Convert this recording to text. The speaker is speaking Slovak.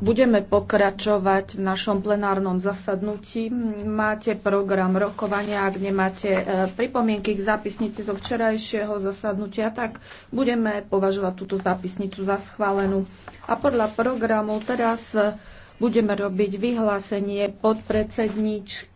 Budeme pokračovať v našom plenárnom zasadnutí. Máte program rokovania, ak nemáte e, pripomienky k zápisnici zo včerajšieho zasadnutia, tak budeme považovať túto zápisnicu za schválenú. A podľa programu teraz e, budeme robiť vyhlásenie podpredsedníčky.